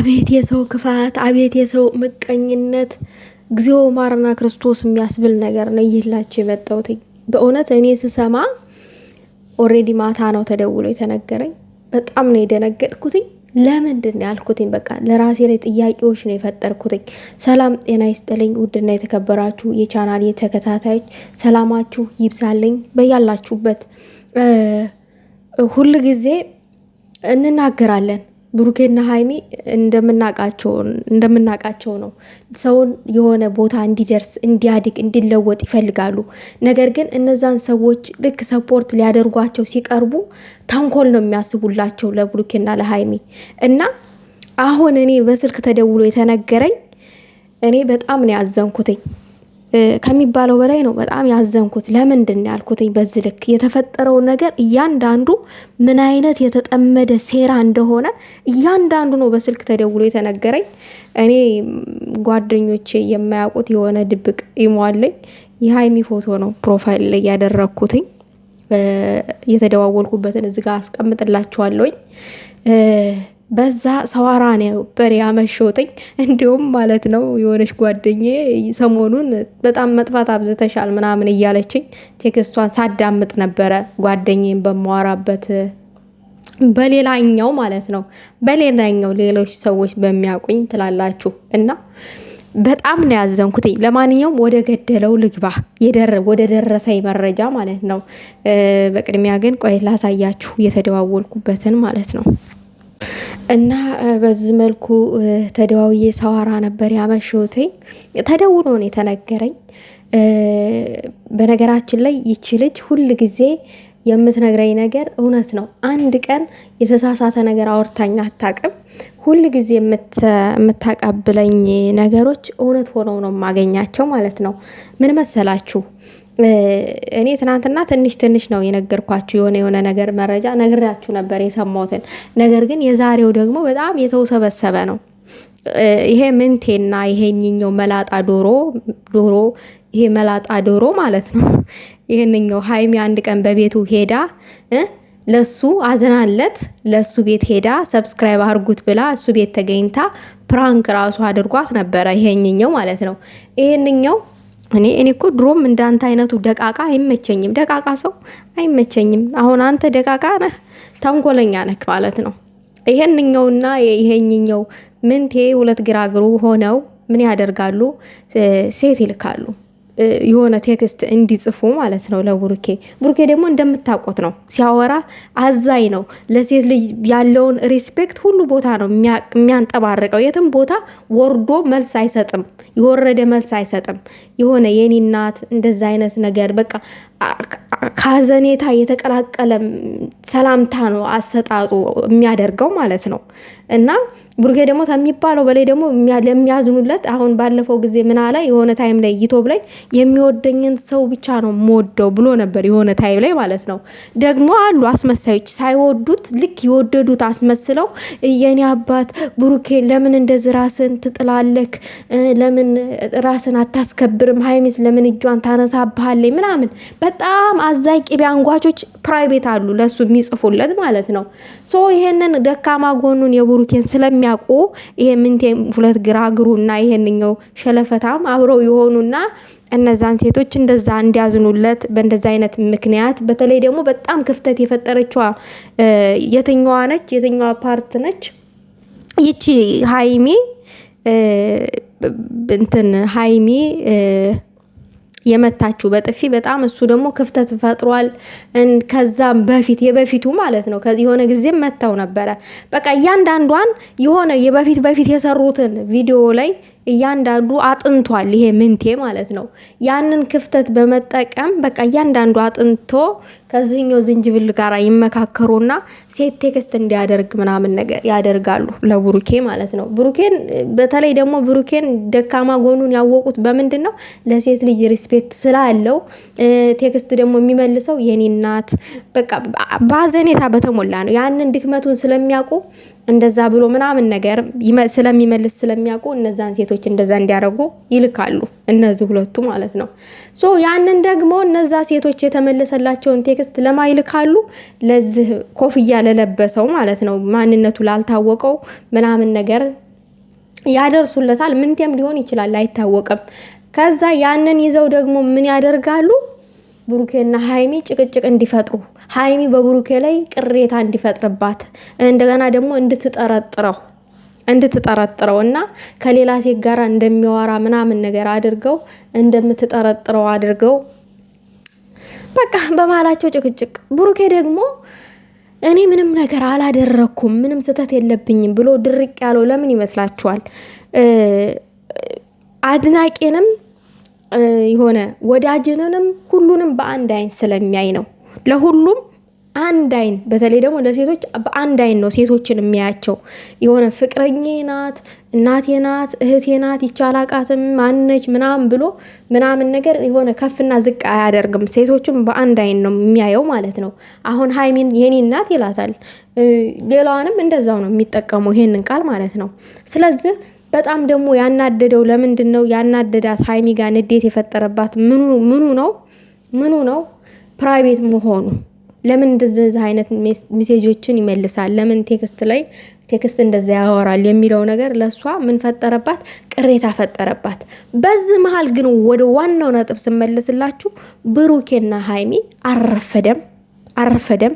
አቤት የሰው ክፋት፣ አቤት የሰው ምቀኝነት፣ እግዚኦ ማረና ክርስቶስ የሚያስብል ነገር ነው ይላቸው የመጣሁት። በእውነት እኔ ስሰማ ኦሬዲ ማታ ነው ተደውሎ የተነገረኝ። በጣም ነው የደነገጥኩትኝ። ለምንድን ነው ያልኩትኝ? በቃ ለራሴ ላይ ጥያቄዎች ነው የፈጠርኩትኝ። ሰላም ጤና ይስጥልኝ። ውድና የተከበራችሁ የቻናል የተከታታዮች ሰላማችሁ ይብዛልኝ በያላችሁበት። ሁል ጊዜ እንናገራለን ብሩኬና ሀይሚ እንደምናቃቸው ነው። ሰውን የሆነ ቦታ እንዲደርስ እንዲያድግ፣ እንዲለወጥ ይፈልጋሉ። ነገር ግን እነዛን ሰዎች ልክ ሰፖርት ሊያደርጓቸው ሲቀርቡ ተንኮል ነው የሚያስቡላቸው ለብሩኬና ለሀይሚ እና አሁን እኔ በስልክ ተደውሎ የተነገረኝ እኔ በጣም ነው ያዘንኩትኝ። ከሚባለው በላይ ነው። በጣም ያዘንኩት ለምንድን ያልኩትኝ በዚህ ልክ የተፈጠረው ነገር እያንዳንዱ ምን አይነት የተጠመደ ሴራ እንደሆነ እያንዳንዱ ነው በስልክ ተደውሎ የተነገረኝ። እኔ ጓደኞቼ የማያውቁት የሆነ ድብቅ ይሟለኝ የሀይሚ ፎቶ ነው ፕሮፋይል ላይ ያደረግኩትኝ። የተደዋወልኩበትን እዚጋ አስቀምጥላችኋለሁኝ። በዛ ሰዋራ ነበር ያመሾትኝ። እንዲሁም ማለት ነው የሆነች ጓደኜ ሰሞኑን በጣም መጥፋት አብዝተሻል ምናምን እያለችኝ ቴክስቷን ሳዳምጥ ነበረ ጓደኝን በማወራበት በሌላኛው ማለት ነው በሌላኛው ሌሎች ሰዎች በሚያውቁኝ ትላላችሁ እና በጣም ነው ያዘንኩትኝ። ለማንኛውም ወደ ገደለው ልግባ ወደ ደረሰኝ መረጃ ማለት ነው። በቅድሚያ ግን ቆይ ላሳያችሁ የተደዋወልኩበትን ማለት ነው። እና በዚህ መልኩ ተደዋውዬ ሰዋራ ነበር ያመሸሁትኝ። ተደውሎ ነው የተነገረኝ። በነገራችን ላይ ይቺ ልጅ ሁል ጊዜ የምትነግረኝ ነገር እውነት ነው። አንድ ቀን የተሳሳተ ነገር አወርታኝ አታቅም። ሁል ጊዜ የምታቀብለኝ ነገሮች እውነት ሆነው ነው የማገኛቸው ማለት ነው። ምን መሰላችሁ? እኔ ትናንትና ትንሽ ትንሽ ነው የነገርኳችሁ። የሆነ የሆነ ነገር መረጃ ነግራችሁ ነበር የሰማሁትን ነገር ግን የዛሬው ደግሞ በጣም የተውሰበሰበ ነው። ይሄ ምንቴና ይሄኛው መላጣ ዶሮ ዶሮ ይሄ መላጣ ዶሮ ማለት ነው። ይሄንኛው ሀይሚ አንድ ቀን በቤቱ ሄዳ ለሱ አዝናለት ለሱ ቤት ሄዳ ሰብስክራይብ አርጉት ብላ እሱ ቤት ተገኝታ ፕራንክ ራሱ አድርጓት ነበረ። ይሄኝኛው ማለት ነው ይሄንኛው እኔ እኔ እኮ ድሮም እንዳንተ አይነቱ ደቃቃ አይመቸኝም። ደቃቃ ሰው አይመቸኝም። አሁን አንተ ደቃቃ ነህ፣ ተንኮለኛ ነህ ማለት ነው። ይሄንኛውና ይሄኝኛው ምንቴ ሁለት ግራግሩ ሆነው ምን ያደርጋሉ? ሴት ይልካሉ። የሆነ ቴክስት እንዲጽፉ ማለት ነው ለቡሩኬ። ቡሩኬ ደግሞ እንደምታውቁት ነው ሲያወራ አዛኝ ነው። ለሴት ልጅ ያለውን ሪስፔክት ሁሉ ቦታ ነው የሚያንጠባርቀው። የትም ቦታ ወርዶ መልስ አይሰጥም፣ የወረደ መልስ አይሰጥም። የሆነ የኔ እናት እንደዛ አይነት ነገር በቃ ከሀዘኔታ የተቀላቀለ ሰላምታ ነው አሰጣጡ የሚያደርገው ማለት ነው። እና ብሩኬ ደግሞ ከሚባለው በላይ ደግሞ ለሚያዝኑለት አሁን ባለፈው ጊዜ ምና ላይ የሆነ ታይም ላይ ይቶብ ላይ የሚወደኝን ሰው ብቻ ነው የምወደው ብሎ ነበር የሆነ ታይም ላይ ማለት ነው። ደግሞ አሉ አስመሳዮች ሳይወዱት ልክ የወደዱት አስመስለው የኔ አባት ብሩኬ ለምን እንደዚህ ራስን ትጥላለክ? ለምን ራስን አታስከብርም? ሀይሚስ ለምን እጇን ታነሳብሃለች? ምናምን በጣም አዛኝ ቅቤ አንጓቾች ፕራይቬት አሉ ለሱ የሚጽፉለት ማለት ነው። ሶ ይሄንን ደካማ ጎኑን የቡሩቴን ስለሚያውቁ ይሄ ምንቴ ሁለት ግራ እግሩና ይሄንኛው ሸለፈታም አብረው የሆኑና እነዛን ሴቶች እንደዛ እንዲያዝኑለት በእንደዚ አይነት ምክንያት በተለይ ደግሞ በጣም ክፍተት የፈጠረችዋ የትኛዋ ነች? የትኛዋ ፓርት ነች? ይቺ ሀይሚ እንትን ሀይሚ የመታችሁ በጥፊ በጣም እሱ ደግሞ ክፍተት ፈጥሯል። ከዛም በፊት የበፊቱ ማለት ነው የሆነ ጊዜ መታው ነበረ። በቃ እያንዳንዷን የሆነ የበፊት በፊት የሰሩትን ቪዲዮ ላይ እያንዳንዱ አጥንቷል። ይሄ ምንቴ ማለት ነው። ያንን ክፍተት በመጠቀም በቃ እያንዳንዱ አጥንቶ ከዚህኛው ዝንጅብል ጋር ይመካከሩና ሴት ቴክስት እንዲያደርግ ምናምን ነገር ያደርጋሉ ለብሩኬ ማለት ነው። ብሩኬን በተለይ ደግሞ ብሩኬን ደካማ ጎኑን ያወቁት በምንድን ነው? ለሴት ልጅ ሪስፔክት ስላለው ቴክስት ደግሞ የሚመልሰው የኔ እናት በቃ በአዘኔታ በተሞላ ነው። ያንን ድክመቱን ስለሚያውቁ እንደዛ ብሎ ምናምን ነገር ስለሚመልስ ስለሚያውቁ እነዛን ሴቶች እንደዛ እንዲያደርጉ ይልካሉ። እነዚህ ሁለቱ ማለት ነው። ሶ ያንን ደግሞ እነዛ ሴቶች የተመለሰላቸውን ቴክስት ለማ ይልካሉ። ለዚህ ኮፍያ ለለበሰው ማለት ነው ማንነቱ ላልታወቀው ምናምን ነገር ያደርሱለታል። ምንቴም ሊሆን ይችላል አይታወቅም። ከዛ ያንን ይዘው ደግሞ ምን ያደርጋሉ? ብሩኬና ሀይሚ ጭቅጭቅ እንዲፈጥሩ ሀይሚ በብሩኬ ላይ ቅሬታ እንዲፈጥርባት እንደገና ደግሞ እንድትጠረጥረው እንድትጠረጥረው እና ከሌላ ሴት ጋር እንደሚያወራ ምናምን ነገር አድርገው እንደምትጠረጥረው አድርገው በቃ በመሀላቸው ጭቅጭቅ ብሩኬ ደግሞ እኔ ምንም ነገር አላደረኩም ምንም ስህተት የለብኝም ብሎ ድርቅ ያለው ለምን ይመስላችኋል? አድናቂንም የሆነ ወዳጅንንም ሁሉንም በአንድ አይን ስለሚያይ ነው። ለሁሉም አንድ አይን በተለይ ደግሞ ለሴቶች በአንድ አይን ነው ሴቶችን የሚያያቸው። የሆነ ፍቅረኛ ናት፣ እናቴ ናት፣ እህቴ ናት፣ ይቻላቃትም ማነች ምናምን ብሎ ምናምን ነገር የሆነ ከፍና ዝቅ አያደርግም። ሴቶችን በአንድ አይን ነው የሚያየው ማለት ነው። አሁን ሀይሚን የኔ እናት ይላታል፣ ሌላዋንም እንደዛው ነው የሚጠቀመው ይሄንን ቃል ማለት ነው። ስለዚህ በጣም ደግሞ ያናደደው ለምንድን ነው ያናደዳት ሀይሚ ጋር ንዴት የፈጠረባት ምኑ ነው ምኑ ነው ፕራይቬት መሆኑ ለምን እንደዚህ አይነት ሜሴጆችን ይመልሳል? ለምን ቴክስት ላይ ቴክስት እንደዛ ያወራል የሚለው ነገር ለእሷ ምን ፈጠረባት? ቅሬታ ፈጠረባት። በዚህ መሀል ግን ወደ ዋናው ነጥብ ስመለስላችሁ ብሩኬና ሀይሚ አረፈደም አረፈደም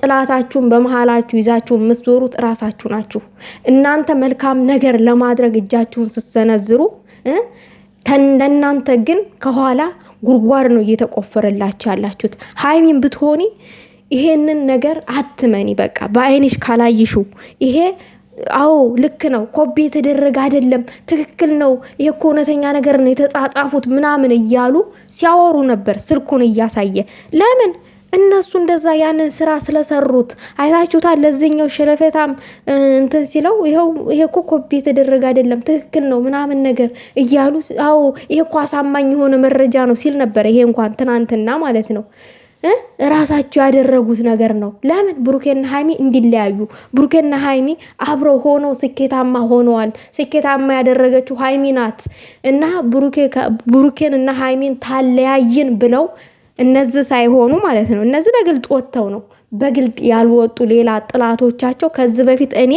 ጥላታችሁን በመሃላችሁ ይዛችሁ የምትዞሩት እራሳችሁ ናችሁ። እናንተ መልካም ነገር ለማድረግ እጃችሁን ስትሰነዝሩ ለእናንተ ግን ከኋላ ጉድጓድ ነው እየተቆፈረላችሁ ያላችሁት። ሀይሚን ብትሆኒ ይሄንን ነገር አትመኒ። በቃ በአይንሽ ካላይሹ ይሄ አዎ ልክ ነው፣ ኮቤ የተደረገ አይደለም፣ ትክክል ነው፣ ይሄ እኮ እውነተኛ ነገር ነው የተጻጻፉት ምናምን እያሉ ሲያወሩ ነበር፣ ስልኩን እያሳየ ለምን እነሱ እንደዛ ያንን ስራ ስለሰሩት አይታችሁታል። ለዚህኛው ሸለፈታም እንትን ሲለው ይኸው ይሄ እኮ ኮፒ የተደረገ አይደለም ትክክል ነው ምናምን ነገር እያሉ አዎ ይሄ እኮ አሳማኝ የሆነ መረጃ ነው ሲል ነበረ። ይሄ እንኳን ትናንትና ማለት ነው ራሳቸው ያደረጉት ነገር ነው። ለምን ብሩኬና ሀይሚ እንዲለያዩ? ብሩኬና ሀይሚ አብረው ሆነው ስኬታማ ሆነዋል። ስኬታማ ያደረገችው ሀይሚ ናት እና ብሩኬን እና ሀይሚን ታለያይን ብለው እነዚህ ሳይሆኑ ማለት ነው። እነዚህ በግልጥ ወጥተው ነው። በግልጥ ያልወጡ ሌላ ጥላቶቻቸው ከዚህ በፊት እኔ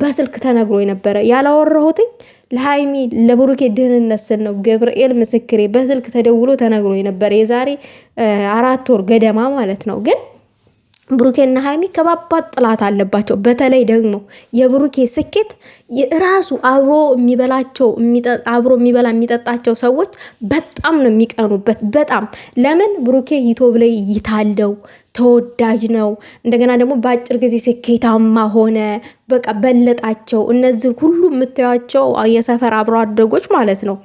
በስልክ ተነግሮ የነበረ ያላወራሁትኝ ለሀይሚ ለብሩኬ ደህንነት ስል ነው። ገብርኤል ምስክሬ በስልክ ተደውሎ ተነግሮ የነበረ የዛሬ አራት ወር ገደማ ማለት ነው ግን ብሩኬና ሀይሚ ከባባት ጥላት አለባቸው። በተለይ ደግሞ የብሩኬ ስኬት ራሱ አብሮ የሚበላቸው አብሮ የሚበላ የሚጠጣቸው ሰዎች በጣም ነው የሚቀኑበት። በጣም ለምን ብሩኬ ዩቲዩብ ላይ ይታለው ተወዳጅ ነው። እንደገና ደግሞ በአጭር ጊዜ ስኬታማ ሆነ። በቃ በለጣቸው። እነዚህ ሁሉ የምታያቸው የሰፈር አብሮ አደጎች ማለት ነው።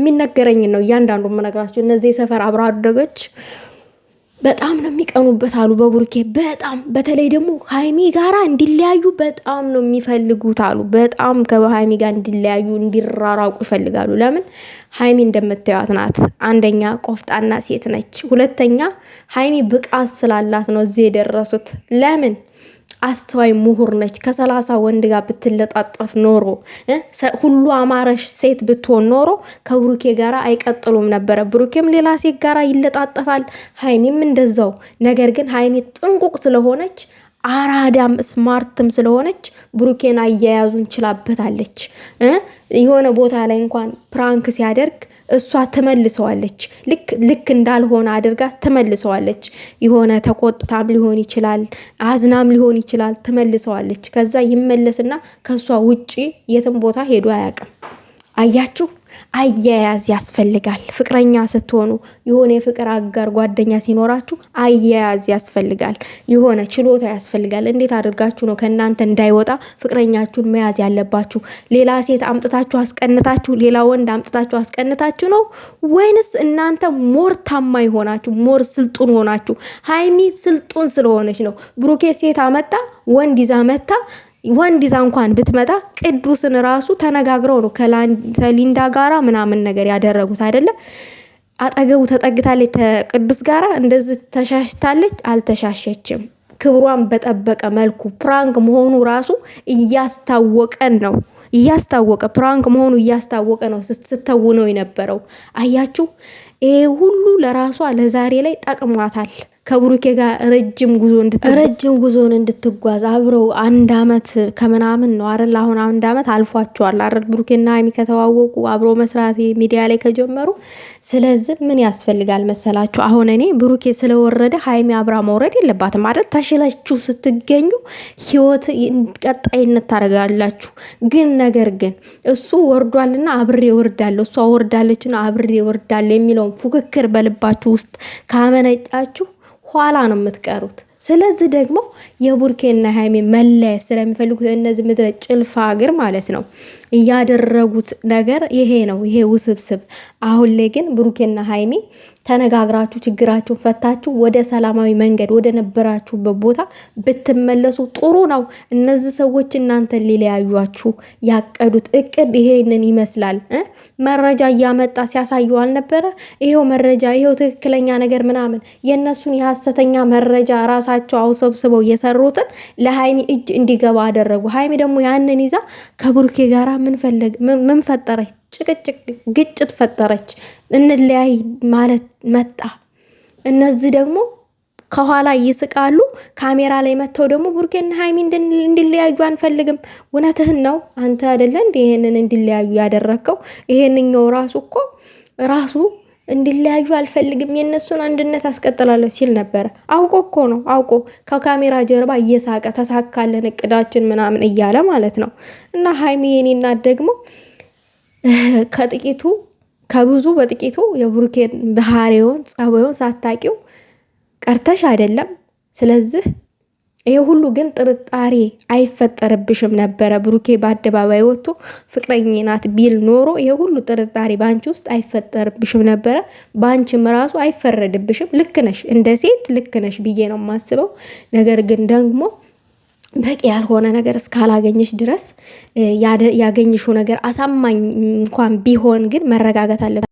የሚነገረኝን ነው እያንዳንዱ የምነግራቸው እነዚህ የሰፈር አብሮ አደጎች በጣም ነው የሚቀኑበት አሉ በቡርኬ በጣም በተለይ ደግሞ ሀይሚ ጋራ እንዲለያዩ በጣም ነው የሚፈልጉት አሉ። በጣም ከሀይሚ ጋር እንዲለያዩ እንዲራራቁ ይፈልጋሉ። ለምን ሀይሚ እንደምታዩት ናት። አንደኛ ቆፍጣና ሴት ነች። ሁለተኛ ሀይሚ ብቃት ስላላት ነው እዚህ የደረሱት። ለምን አስተዋይ ምሁር ነች። ከሰላሳ ወንድ ጋር ብትለጣጠፍ ኖሮ ሁሉ አማረሽ ሴት ብትሆን ኖሮ ከብሩኬ ጋር አይቀጥሉም ነበረ። ብሩኬም ሌላ ሴት ጋራ ይለጣጠፋል፣ ሀይሚም እንደዛው። ነገር ግን ሀይሚ ጥንቁቅ ስለሆነች አራዳም ስማርትም ስለሆነች ብሩኬን አያያዙን ችላበታለች። የሆነ ቦታ ላይ እንኳን ፕራንክ ሲያደርግ እሷ ትመልሰዋለች። ልክ ልክ እንዳልሆነ አድርጋ ትመልሰዋለች። የሆነ ተቆጥታም ሊሆን ይችላል፣ አዝናም ሊሆን ይችላል። ትመልሰዋለች። ከዛ ይመለስና ከእሷ ውጪ የትም ቦታ ሄዶ አያውቅም። አያችሁ። አያያዝ ያስፈልጋል። ፍቅረኛ ስትሆኑ የሆነ የፍቅር አጋር ጓደኛ ሲኖራችሁ አያያዝ ያስፈልጋል። የሆነ ችሎታ ያስፈልጋል። እንዴት አድርጋችሁ ነው ከእናንተ እንዳይወጣ ፍቅረኛችሁን መያዝ ያለባችሁ? ሌላ ሴት አምጥታችሁ አስቀንታችሁ፣ ሌላ ወንድ አምጥታችሁ አስቀንታችሁ ነው ወይንስ እናንተ ሞር ታማኝ ሆናችሁ ሞር ስልጡን ሆናችሁ? ሀይሚ ስልጡን ስለሆነች ነው። ብሩኬ ሴት አመጣ ወንድ ይዛ መታ ወንድ እንኳን ብትመጣ ቅዱስን ራሱ ተነጋግረው ነው ከሊንዳ ጋራ ምናምን ነገር ያደረጉት አይደለ? አጠገቡ ተጠግታለች ቅዱስ ጋራ እንደዚህ ተሻሽታለች። አልተሻሸችም። ክብሯን በጠበቀ መልኩ ፕራንክ መሆኑ ራሱ እያስታወቀን ነው እያስታወቀ ፕራንክ መሆኑ እያስታወቀ ነው ስተውነው የነበረው አያችሁ። ይሄ ሁሉ ለራሷ ለዛሬ ላይ ጠቅሟታል። ከብሩኬ ጋር ረጅም ጉዞ ረጅም ጉዞን እንድትጓዝ አብረው አንድ አመት ከምናምን ነው አይደል? አሁን አንድ አመት አልፏቸዋል አረል ብሩኬና ሀይሚ ከተዋወቁ አብሮ መስራት ሚዲያ ላይ ከጀመሩ። ስለዚህ ምን ያስፈልጋል መሰላችሁ? አሁን እኔ ብሩኬ ስለወረደ ሀይሚ አብራ መውረድ የለባትም አይደል? ተሽላችሁ ስትገኙ ህይወት ቀጣይነት ታደርጋላችሁ። ግን ነገር ግን እሱ ወርዷልና አብሬ ወርዳለሁ፣ እሷ ወርዳለችና አብሬ ወርዳለሁ የሚለውን ፉክክር በልባችሁ ውስጥ ካመነጫችሁ ኋላ ነው የምትቀሩት። ስለዚህ ደግሞ የቡርኬና ሃይሜ መለያየት ስለሚፈልጉት እነዚህ ምድረ ጭልፋ ሀገር ማለት ነው ያደረጉት ነገር ይሄ ነው፣ ይሄ ውስብስብ። አሁን ላይ ግን ብሩኬና ሀይሚ ተነጋግራችሁ ችግራችሁን ፈታችሁ ወደ ሰላማዊ መንገድ ወደ ነበራችሁበት ቦታ ብትመለሱ ጥሩ ነው። እነዚህ ሰዎች እናንተን ሊለያዩችሁ ያቀዱት እቅድ ይሄንን ይመስላል። መረጃ እያመጣ ሲያሳዩ አልነበረ? ይሄው መረጃ፣ ይሄው ትክክለኛ ነገር ምናምን። የእነሱን የሀሰተኛ መረጃ ራሳቸው አውሰብስበው የሰሩትን ለሀይሚ እጅ እንዲገባ አደረጉ። ሀይሚ ደግሞ ያንን ይዛ ከብሩኬ ጋራ ምን ፈለግ ምን ፈጠረች? ጭቅጭቅ ግጭት ፈጠረች። እንለያይ ማለት መጣ። እነዚህ ደግሞ ከኋላ ይስቃሉ። ካሜራ ላይ መጥተው ደግሞ ቡርኬና ሀይሚ እንድለያዩ አንፈልግም። እውነትህን ነው አንተ አይደለ እንዲ ይሄንን እንዲለያዩ ያደረግከው። ይሄንኛው ራሱ እኮ ራሱ እንዲለያዩ አልፈልግም፣ የእነሱን አንድነት አስቀጥላለሁ ሲል ነበረ። አውቆ እኮ ነው አውቆ ከካሜራ ጀርባ እየሳቀ ተሳካለን እቅዳችን ምናምን እያለ ማለት ነው። እና ሀይሚ የኔና ደግሞ ከጥቂቱ ከብዙ በጥቂቱ የብሩኬን ባህሪውን ጸባዩን ሳታቂው ቀርተሽ አይደለም። ስለዚህ ይሄ ሁሉ ግን ጥርጣሬ አይፈጠርብሽም ነበረ። ብሩኬ በአደባባይ ወጥቶ ፍቅረኛ ናት ቢል ኖሮ ይሄ ሁሉ ጥርጣሬ በአንቺ ውስጥ አይፈጠርብሽም ነበረ። በአንቺም ራሱ አይፈረድብሽም። ልክ ነሽ፣ እንደ ሴት ልክ ነሽ ብዬ ነው የማስበው። ነገር ግን ደግሞ በቂ ያልሆነ ነገር እስካላገኘሽ ድረስ ያገኘሽው ነገር አሳማኝ እንኳን ቢሆን ግን መረጋጋት አለበት።